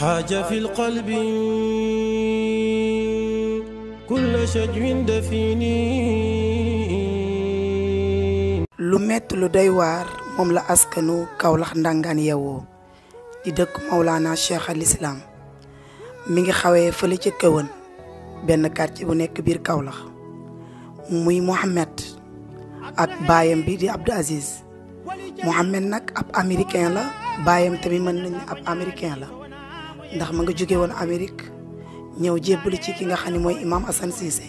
حاجة في القلب كل شجو دفيني لميت لديوار مملا أسكنو كاولاخ ندانغان يوو ديدك مولانا شيخ الإسلام ميغي خاوي فليتي كوان بيان كارتي بو نيك بير كاولخ موي محمد اك بايام بي دي عبد العزيز محمد نك اب امريكان لا بايام تامي من اب امريكان لا ndax ma nga jóge woon Amérique ñëw jébbali ci ki nga xam ni mooy imaam assan Cissé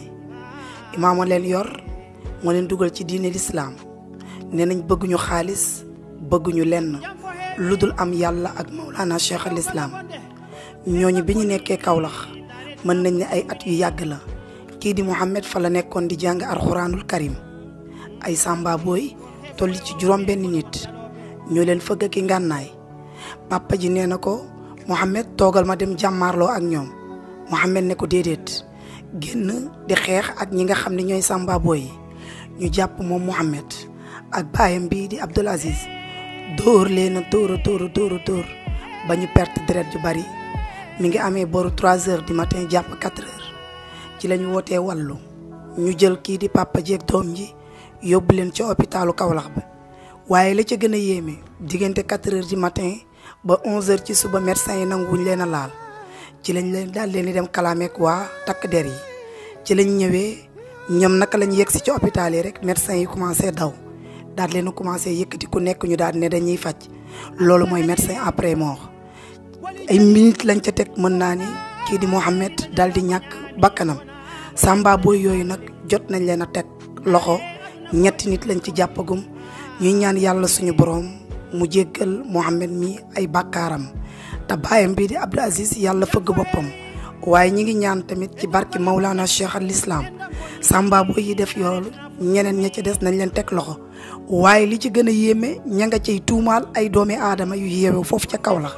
imaam leen yor moo leen dugal ci diine lislaam nee nañ bëgguñu xaalis bëgguñu lenn lu dul am yàlla ak Mawlana Cheikh al Islam ñooñu bi ñu nekkee kawlax mën nañ ne ay at yu yàgg la kii di Mouhamed fa la nekkoon di jàng alxuraanul karim ay samba booy tolli ci juróom benn nit ñoo leen fëgg ki ngànnaay papa ji nee na ko. Mouhamed toogal ma dem jàmmaarloo ak ñoom Mouhamed ne ko déedéet génn di xeex ak ñi nga xam ne ñooy Samba yi ñu jàpp moom Mouhamed ak baayam bii di Abdoul Aziz dóor leen a dóor a dóor dóor ba ñu perte deret ju bari mu ngi amee boru trois heures du matin jàpp 4 heures ci lañu wootee wallu ñu jël kii di papa jeeg doom ji yóbbu leen ci hôpitalu Kaolack ba waaye la ca gën a yéeme diggante 4 heures du matin. ba 11h ci suba médecin yi nanguwuñ leen a laal ci lañ leen daal leen di dem kalaameek waa takk der yi ci lañ ñëwee ñoom naka lañ yegg si ci hôpital yi rek médecin yi commencé daw daal leen commencé yëkkati ku nekkuñu daal ne dañuy faj loolu mooy médecin après mort ay minutes lañ ca teg mën naa ni kii di Mohamed daal di ñàkk bakkanam samba booy yooyu nag jot nañ leen a teg loxo ñetti nit lañ ci jàppagum ñuy ñaan yàlla suñu borom mu jéggal Mouhamed mi ay bakkaaram te baayam bii di Abdou Aziz yàlla fëgg boppam waaye ñi ngi ñaan tamit ci barki Maulana Cheikh al Islam Samba boo yi def yoolu ñeneen ña ci des nañ leen teg loxo waaye li ci gën a yéeme ña nga cay tuumaal ay doomi aadama yu yéewe foofu ca kaw la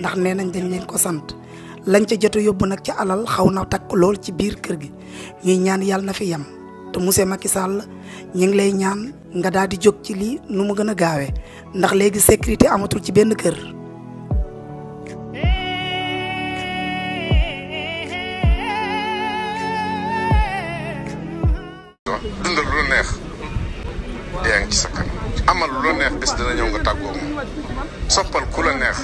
ndax nee nañ dañ leen ko sant lañ ca jot yóbbu nag ci alal xaw na takk lool ci biir kër gi ñuy ñaan yàlla na fi yem. monsieur Macky Sall ñi ngi lay ñaan nga daal di jóg ci lii nu mu gën a gaawee ndax léegi sécurité amatul ci benn kër dundal lu neex yaa ngi ci sa amal lu neex bés dina ñëw nga tàggoo moom soppal ku la neex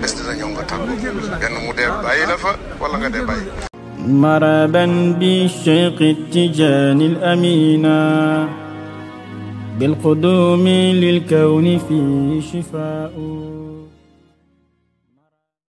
bés dina ñëw nga tàggoo benn mu dee bàyyi fa wala nga dee bàyyi مرابا بالشيخ التجان الأمينا بالقدوم للكون فيه شفاء